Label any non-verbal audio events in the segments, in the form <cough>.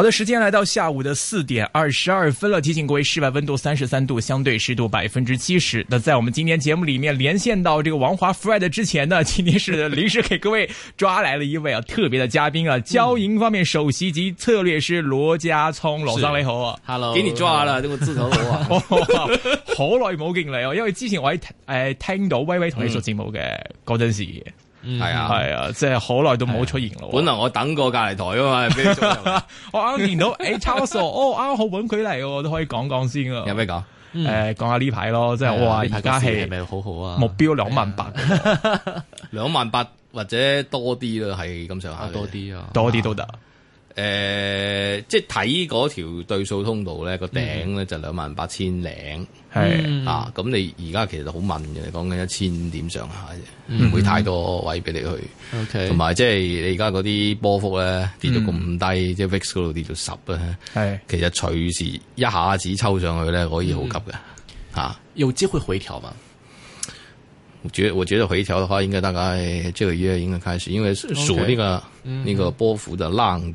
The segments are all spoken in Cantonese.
好的，時間來到下午的四點二十二分了。提醒各位，室外溫度三十三度，相對濕度百分之七十。那在我們今天節目裏面連線到這個王華 Fred 之前呢，今天是臨時給各位抓來了一位啊特別的嘉賓啊，交銀方面首席及策略師羅家聰，羅生你好啊，Hello，給你抓了，這個自投羅網，好耐冇見你哦，因為之前我喺誒、哎、聽到威威同你做節目嘅，𠮶 陣時。係啊，係啊，即係好耐都冇出現咯。本來我等過隔籬台啊嘛，我啱啱見到誒，超傻哦，啱啱好搵佢嚟，我都可以講講先啊。有咩講？誒，講下呢排咯，即係哇，而家戲係咪好好啊？目標兩萬八，兩萬八或者多啲啦，係咁上下，多啲啊，多啲都得。誒、呃，即係睇嗰條對數通道呢個、嗯、頂咧就兩萬八千零，係咁、啊、你而家其實好問嘅，講緊一千點上下啫，唔、嗯、會太多位俾你去。同、okay、埋即係你而家嗰啲波幅呢，跌到咁低，嗯、即係 VIX 嗰度跌到十啊，其實隨時一下子抽上去呢，可以好急㗎。嚇、嗯。即、啊、機會回調嘛？主要我覺得回調嘅話，應該大概呢個月應該開始，因為數呢、呢個 okay 呢個波幅就、嗯。浪。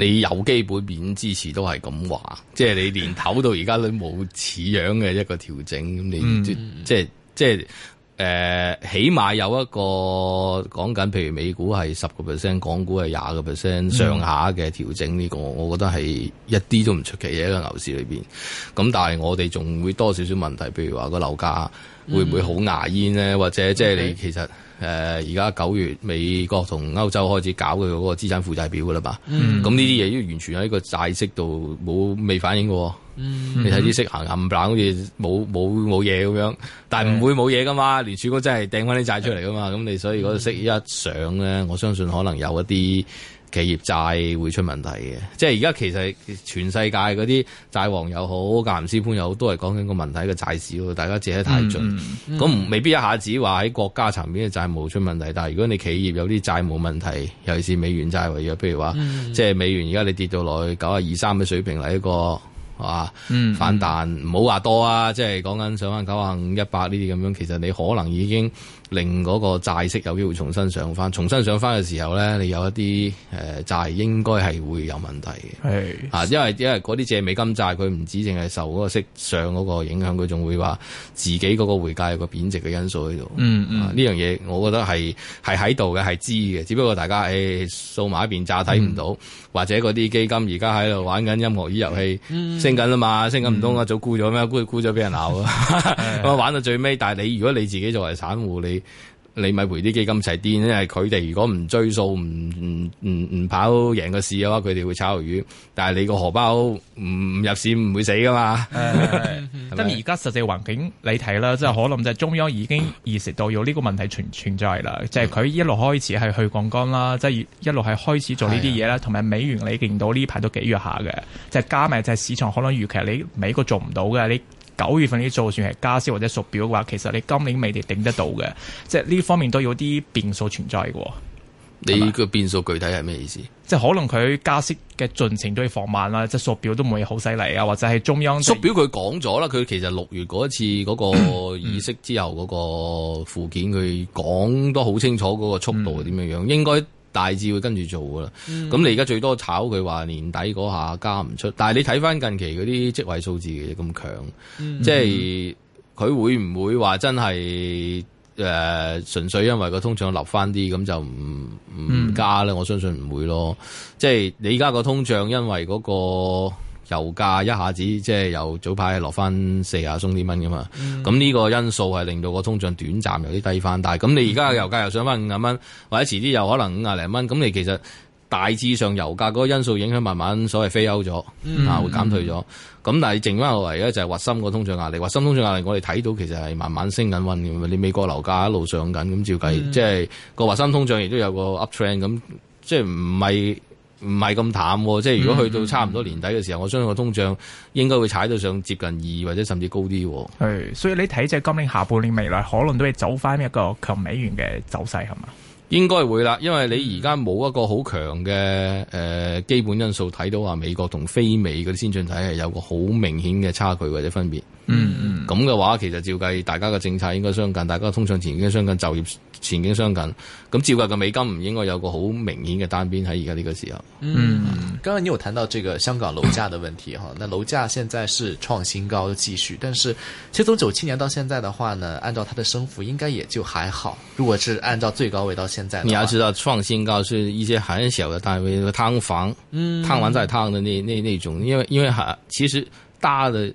你有基本面支持都係咁話，即係你年頭到而家都冇似樣嘅一個調整，咁你、嗯、即即即誒、呃、起碼有一個講緊，譬如美股係十個 percent，港股係廿個 percent 上下嘅調整，呢個我覺得係一啲都唔出奇嘅一個牛市裏邊，咁但係我哋仲會多少少問題，譬如話個樓價會唔會好牙煙咧，或者即係你其實。嗯 okay. 誒而家九月美國同歐洲開始搞佢嗰個資產負債表㗎喇嘛，咁呢啲嘢要完全喺個債息度冇未反應嘅、嗯，你睇啲息行冚唪唥，好似冇冇冇嘢咁樣，但係唔會冇嘢噶嘛，聯、嗯、儲局真係掟翻啲債出嚟噶嘛，咁、嗯、你所以嗰個息一上咧，我相信可能有一啲。企業債會出問題嘅，即係而家其實全世界嗰啲債王又好、格林斯潘又好，都係講緊個問題嘅債市。大家借得太盡，咁、嗯、未必一下子話喺國家層面嘅債務出問題。但係如果你企業有啲債務問題，尤其是美元債為約，譬如話、嗯、即係美元而家你跌到落去九啊二三嘅水平嚟一個。啊、嗯，反彈唔好話多啊，即係講緊上翻九啊五、一百呢啲咁樣，其實你可能已經令嗰個債息有機會重新上翻，重新上翻嘅時候咧，你有一啲誒、呃、債應該係會有問題嘅。啊，因為因為嗰啲借美金債佢唔止淨係受嗰個息上嗰個影響，佢仲會話自己嗰個匯價有個貶值嘅因素喺度。嗯、啊、嗯，呢樣嘢我覺得係係喺度嘅，係知嘅，只不過大家喺、欸、掃埋一邊，咋睇唔到、嗯，或者嗰啲基金而家喺度玩緊音樂椅、嗯、遊戲。嗯。升緊啦嘛，升緊唔通啊，早沽咗咩？沽佢沽咗俾人鬧啊！咁 <laughs> 啊玩到最尾，但係你如果你自己作為散戶你。你咪陪啲基金一齊癲，因為佢哋如果唔追數唔唔唔唔跑贏個市嘅話，佢哋會炒魷魚。但係你個荷包唔入市唔會死噶嘛。咁而家實際環境你睇啦，即係可能就中央已經意識到有呢個問題存存在啦。即係佢一路開始係去槓桿啦，即係一路係開始做呢啲嘢啦。同埋是的 美元你見到呢排都幾弱下嘅，即係加埋就係市場可能預期你美國做唔到嘅。你九月份啲做算係加息或者縮表嘅話，其實你今年未定頂得到嘅，即係呢方面都有啲變數存在嘅。你個變數具體係咩意思？即係可能佢加息嘅進程都係放慢啦，即係縮表都唔會好犀利啊，或者係中央縮表佢講咗啦，佢其實六月嗰次嗰個議息之後嗰個附件佢講都好清楚嗰個速度係點樣樣，嗯、應該。大致會跟住做噶啦，咁、嗯、你而家最多炒佢話年底嗰下加唔出，但係你睇翻近期嗰啲職位數字嘅咁強，嗯、即係佢會唔會話真係誒、呃、純粹因為個通脹落翻啲咁就唔唔加咧、嗯？我相信唔會咯，即係你而家個通脹因為嗰、嗰個。油價一下子即係由早排落翻四十、鬆啲蚊咁嘛，咁呢個因素係令到個通脹短暫有啲低翻，但係咁你而家油價又上翻五十蚊，或者遲啲又可能五十零蚊，咁你其實大致上油價嗰個因素影響慢慢所謂 fade out 咗啊，會減退咗。咁、嗯、但係剩翻落嚟咧就係、是、核心個通脹壓力，核心通脹壓力我哋睇到其實係慢慢升緊運，你美國樓價一路上緊，咁照計即係個核心通脹亦都有個 up trend，咁即係唔係。唔係咁淡，即係如果去到差唔多年底嘅時候、嗯，我相信個通脹應該會踩到上接近二或者甚至高啲喎。所以你睇即係今年下半年未來可能都係走翻一個強美元嘅走勢係嘛？應該會啦，因為你而家冇一個好強嘅誒、呃、基本因素睇到話美國同非美嗰啲先進體係有個好明顯嘅差距或者分別。嗯。咁嘅話，其實照計，大家嘅政策應該相近，大家通脹前景相近，就業前景相近。咁照計嘅美金唔應該有個好明顯嘅單邊喺而家呢個時候。嗯，剛剛你有談到這個香港樓價嘅問題哈、嗯，那樓價現在是創新高，嘅繼續，但是其實從九七年到現在嘅話呢，按照佢嘅升幅應該也就還好。如果是按照最高位到現在的話，你要知道創新高係一些很小嘅單位，㓥房，嗯，劏完再劏嘅呢呢那種，因為因為其實大嘅。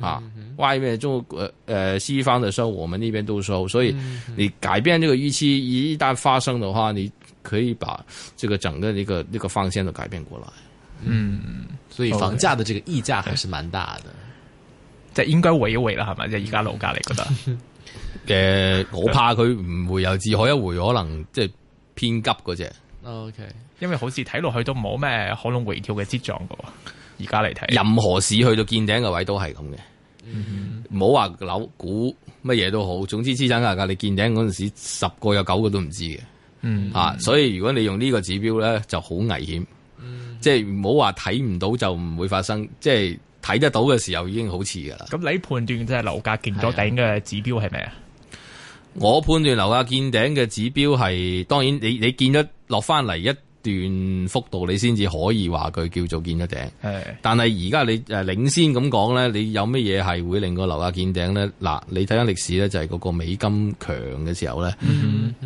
啊！外面中國誒誒、呃，西方嘅收，我們那邊都收，所以你改變這個預期，一旦發生的話，你可以把這個整個呢、呢個呢、呢個方向都改變過來。嗯，所以房價的這個溢價還是蠻大的。但、okay. <laughs> 應該回一回啦，係咪？即係而家樓價你覺得？誒、 <laughs> 呃，我怕佢唔會有至可一回， <laughs> 可能即係偏急嗰隻。OK，因為好似睇落去都冇咩可能回調嘅跡象噶。而家嚟睇，任何市去到見頂嘅位都係咁嘅，唔好話樓股乜嘢都好，總之資產價格你見頂嗰陣時，十個有九個都唔知嘅，嗯嗯，啊，所以如果你用呢個指標咧，就好危險，嗯，即係唔好話睇唔到就唔會發生，即係睇得到嘅時候已經好似噶啦。咁你判斷即係樓價見咗頂嘅指標係咩啊？我判斷樓價見頂嘅指標係，當然你你見咗落翻嚟一。段幅度你先至可以話佢叫做見咗頂。係，但係而家你誒領先咁講呢，你有咩嘢係會令個樓價見頂呢？嗱，你睇緊歷史呢，就係嗰個美金強嘅時候呢，誒、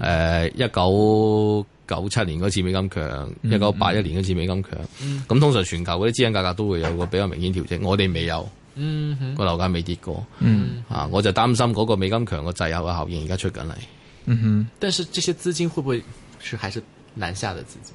嗯，一九九七年嗰次美金強，一九八一年嗰次美金強。咁、嗯、通常全球嗰啲資產價格都會有個比較明顯調整，嗯、我哋未有。嗯，個樓價未跌過、嗯。啊，我就擔心嗰個美金強個滯後嘅效應而家出緊嚟、嗯。但是這些資金會不會是還是南下的資金？